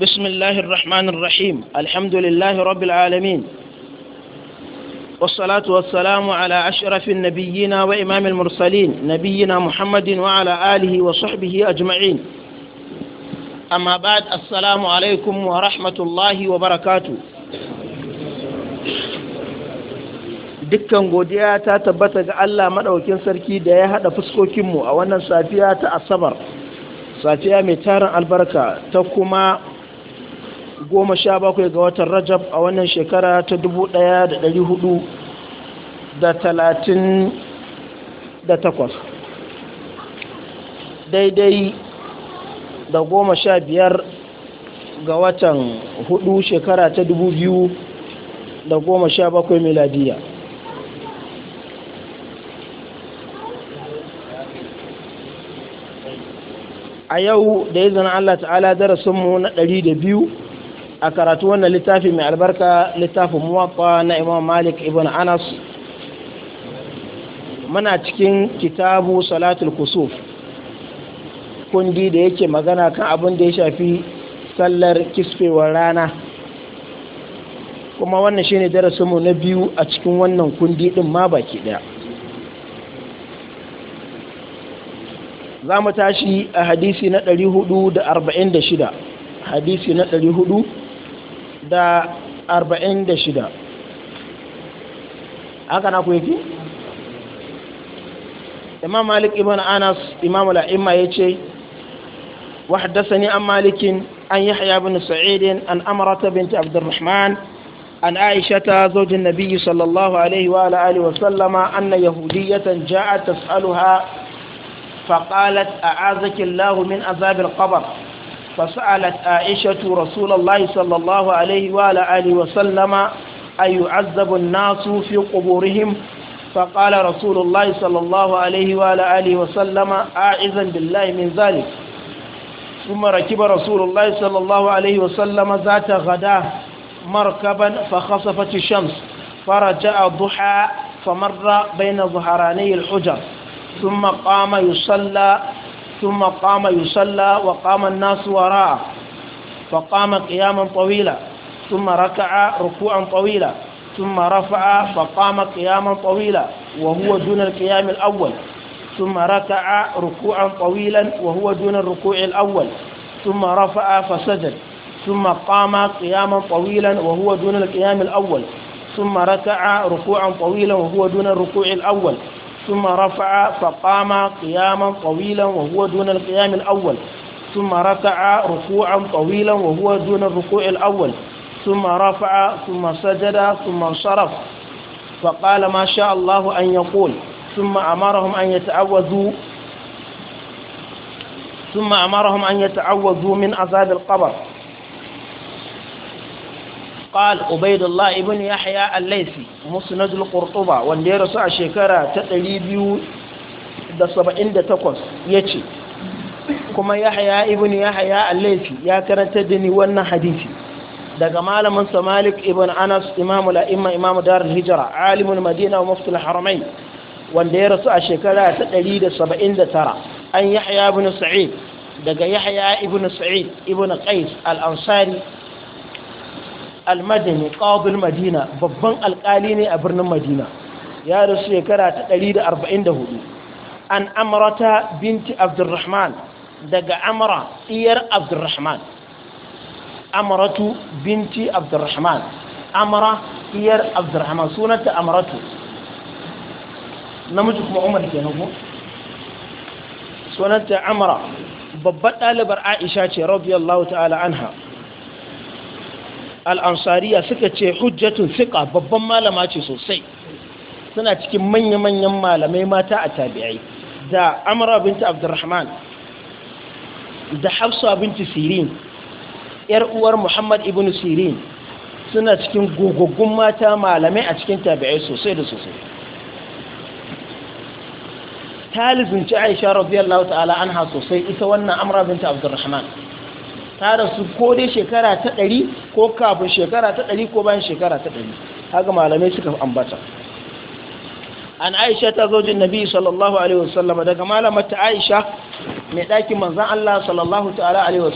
بسم الله الرحمن الرحيم الحمد لله رب العالمين والصلاة والسلام على أشرف النبيين وإمام المرسلين نبينا محمد وعلى آله وصحبه أجمعين أما بعد السلام عليكم ورحمة الله وبركاته dukkan godiya ta tabbata ga Allah maɗaukin sarki da ya haɗa fuskokinmu a wannan safiya ta asabar safiya mai tarin albarka ta kuma goma sha bakwai ga watan rajab a wannan shekara ta dubu ɗaya da ɗari hudu da talatin da takwas daidai da goma sha biyar ga watan hudu shekara ta dubu biyu da goma sha bakwai miladiya a yau da izinin Allah ta'ala darasinmu na ɗari da biyu a karatu wannan littafi mai albarka littafin muwaffa na imam malik ibn anas muna cikin kitabu salatul kusuf kundi da yake magana kan abin da ya shafi sallar kisfewar rana kuma wannan shine darasinmu na biyu a cikin wannan kundi din ma baki daya za mu tashi a hadisi na 446 hadisi na 446 da arba'in da shida haka na kuwa malik ibn anas imam al'imma ya ce wa an malikin an yi haya bin sa'idin an amurata bin abdurrahman an aishata ta zojin nabiyyu sallallahu alaihi wa ala'ali wasallama anna yahudiyatan ja'at tas'aluha faqalat a azakin min azabin qabar فسألت عائشة رسول الله صلى الله عليه وعلى آله وسلم أيعذب الناس في قبورهم فقال رسول الله صلى الله عليه وعلى آله وسلم أعزا بالله من ذلك ثم ركب رسول الله صلى الله عليه وسلم ذات غداه مركبا فخصفت الشمس فرجع الضحى فمر بين ظهراني الحجر ثم قام يصلى ثم قام يصلى وقام الناس وراءه فقام قياما طويلا ثم ركع ركوعا طويلا ثم رفع فقام قياما طويلا وهو دون القيام الأول ثم ركع ركوعا طويلا وهو دون الركوع الأول ثم رفع فسجد ثم قام قياما طويلا وهو دون القيام الأول ثم ركع ركوعا طويلا وهو دون الركوع الأول ثم رفع فقام قياما طويلا وهو دون القيام الأول ثم ركع ركوعا طويلا وهو دون الركوع الأول ثم رفع ثم سجد ثم انصرف فقال ما شاء الله أن يقول ثم أمرهم أن يتعوذوا ثم أمرهم أن يتعوذوا من عذاب القبر قال عبيد الله ابن يحيى الليثي مسند القرطبة wanda ya rasu a shekara ta 278 yace kuma Yahya ibn Yahya al-Laythi ya karanta da ni wannan hadisi daga malamin Malik ibn Anas imamu la'imma imamu darul hijra alimul madina wa mufti al-haramain wanda ya rasu a shekara ta 179 an Yahya ibn Sa'id daga Yahya ibn Sa'id ibn Qais al-Ansari al-madani madina babban alkali ne a birnin madina ya rasu shekara ta 144 an amrata binti abdurrahman daga amra iyar abdurrahman amratu binti abdurrahman amra iyar abdurrahman sunanta amratu namiji kuma umar kenan ko sunanta amra babbar ɗalibar aisha ce radiyallahu ta'ala anha al'ansariya suka ce hujjatun fiƙa babban malama ce sosai suna cikin manya-manyan malamai mata a tabi'ai da amara binta abdurrahman da hafsa Binta sirin yar uwar muhammad ibn sirin suna cikin gugugun mata malamai a cikin tabi'ai sosai da sosai ta lizinci aisha radiyallahu ta'ala anha sosai ita wannan amara binta abdurrahman ta rasu ko dai shekara ta ɗari ko kafin shekara ta ɗari ko bayan shekara ta ɗari haka malamai suka ambata an aisha ta zojin nabi sallallahu alaihi wasallama daga ta aisha mai ɗakin manzan allah sallallahu ta'ala alaihi